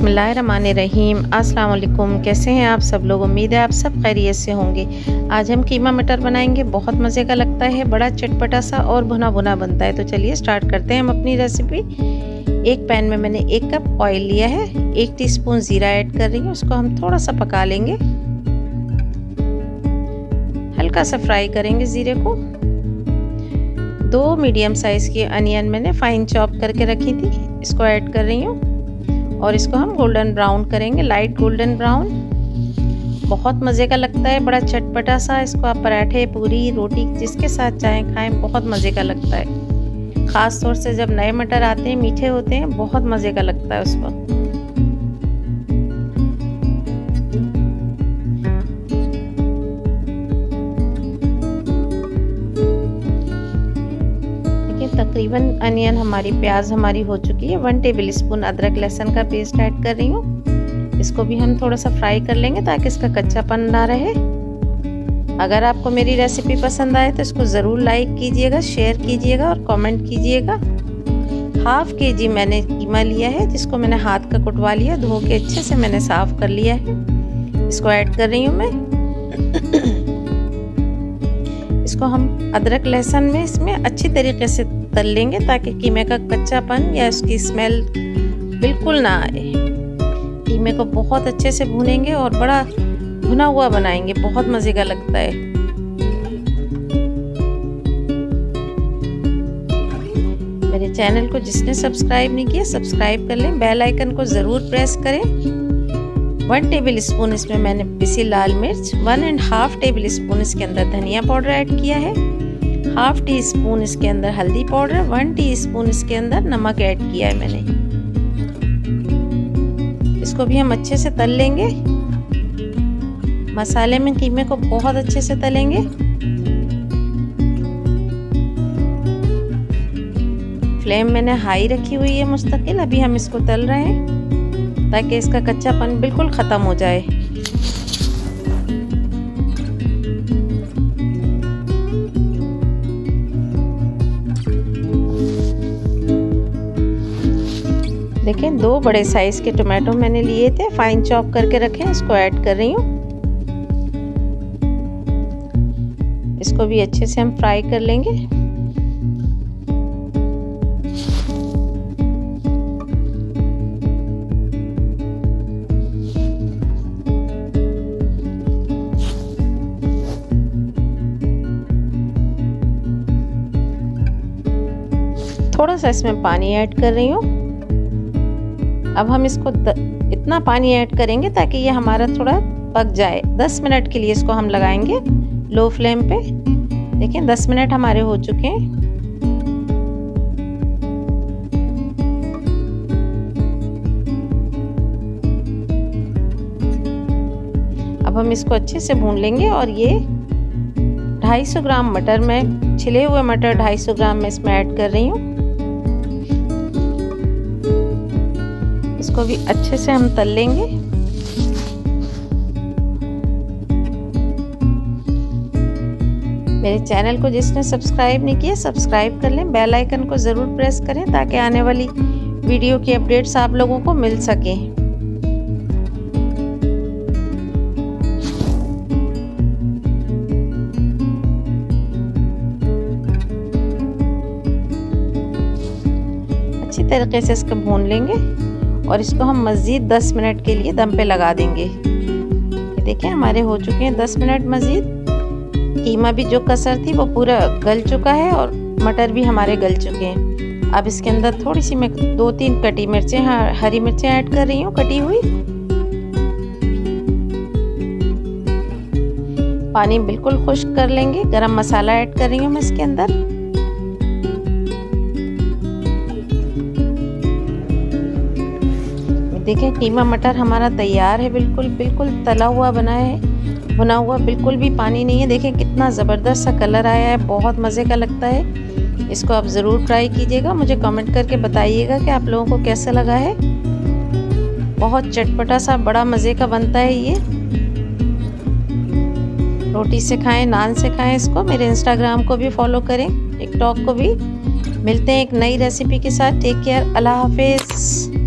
बिसमीम अस्सलाम कैसे हैं आप सब लोग उम्मीद है आप सब खैरियत से होंगे आज हम कीमा मटर बनाएंगे बहुत मज़े का लगता है बड़ा चटपटा सा और भुना भुना बनता है तो चलिए स्टार्ट करते हैं हम अपनी रेसिपी एक पैन में मैंने एक कप ऑयल लिया है एक टीस्पून ज़ीरा ऐड कर रही हूँ उसको हम थोड़ा सा पका लेंगे हल्का सा फ्राई करेंगे ज़ीरे को दो मीडियम साइज़ के अनियन मैंने फाइन चॉप करके रखी थी इसको ऐड कर रही हूँ और इसको हम गोल्डन ब्राउन करेंगे लाइट गोल्डन ब्राउन बहुत मज़े का लगता है बड़ा चटपटा सा इसको आप पराठे पूरी रोटी जिसके साथ चाहें खाएं बहुत मज़े का लगता है ख़ास तौर से जब नए मटर आते हैं मीठे होते हैं बहुत मज़े का लगता है उस वक्त तकरीबन अनियन हमारी प्याज हमारी हो चुकी है वन टेबल स्पून अदरक लहसुन का पेस्ट ऐड कर रही हूँ इसको भी हम थोड़ा सा फ्राई कर लेंगे ताकि इसका कच्चापन ना रहे अगर आपको मेरी रेसिपी पसंद आए तो इसको ज़रूर लाइक कीजिएगा शेयर कीजिएगा और कमेंट कीजिएगा हाफ के जी मैंने कीमा लिया है जिसको मैंने हाथ का कुटवा लिया धो के अच्छे से मैंने साफ़ कर लिया है इसको ऐड कर रही हूँ मैं इसको हम अदरक लहसुन में इसमें अच्छी तरीके से तल लेंगे ताकि कीमे का कच्चापन या उसकी स्मेल बिल्कुल ना आए कीमे को बहुत अच्छे से भूनेंगे और बड़ा भुना हुआ बनाएंगे बहुत मज़े का लगता है मेरे चैनल को जिसने सब्सक्राइब नहीं किया सब्सक्राइब कर लें बेल आइकन को ज़रूर प्रेस करें वन टेबल स्पून इसमें मैंने पिसी लाल मिर्च one and half tablespoon इसके अंदर धनिया पाउडर ऐड किया है हाफ टी स्पून इसके अंदर हल्दी पाउडर वन टी स्पून इसके अंदर नमक ऐड किया है मैंने इसको भी हम अच्छे से तल लेंगे मसाले में कीमे को बहुत अच्छे से तलेंगे फ्लेम मैंने हाई रखी हुई है मुस्तकिल अभी हम इसको तल रहे हैं ताकि इसका कच्चापन बिल्कुल ख़त्म हो जाए देखें दो बड़े साइज़ के टोमेटो मैंने लिए थे फाइन चॉप करके रखे इसको ऐड कर रही हूँ इसको भी अच्छे से हम फ्राई कर लेंगे थोड़ा सा इसमें पानी ऐड कर रही हूँ अब हम इसको द, इतना पानी ऐड करेंगे ताकि ये हमारा थोड़ा पक जाए 10 मिनट के लिए इसको हम लगाएंगे लो फ्लेम पे देखें 10 मिनट हमारे हो चुके हैं अब हम इसको अच्छे से भून लेंगे और ये 250 ग्राम मटर में छिले हुए मटर 250 ग्राम में इसमें ऐड कर रही हूँ इसको भी अच्छे से हम तल लेंगे मेरे चैनल को जिसने सब्सक्राइब नहीं किया सब्सक्राइब कर लें बेल आइकन को ज़रूर प्रेस करें ताकि आने वाली वीडियो की अपडेट्स आप लोगों को मिल सकें अच्छी तरीके से इसको भून लेंगे और इसको हम मज़ीद 10 मिनट के लिए दम पे लगा देंगे देखिए हमारे हो चुके हैं 10 मिनट मज़ीद कीमा भी जो कसर थी वो पूरा गल चुका है और मटर भी हमारे गल चुके हैं अब इसके अंदर थोड़ी सी मैं दो तीन कटी मिर्चें हाँ, हरी मिर्चें ऐड कर रही हूँ कटी हुई पानी बिल्कुल खुश्क कर लेंगे गरम मसाला ऐड कर रही हूँ मैं इसके अंदर देखें कीमा मटर हमारा तैयार है बिल्कुल बिल्कुल तला हुआ बना है बना हुआ बिल्कुल भी पानी नहीं है देखें कितना ज़बरदस्त सा कलर आया है बहुत मज़े का लगता है इसको आप ज़रूर ट्राई कीजिएगा मुझे कमेंट करके बताइएगा कि आप लोगों को कैसा लगा है बहुत चटपटा सा बड़ा मज़े का बनता है ये रोटी से खाएं नान से खाएं इसको मेरे इंस्टाग्राम को भी फॉलो करें टिकटॉक को भी मिलते हैं एक नई रेसिपी के साथ टेक केयर अल्लाह हाफिज़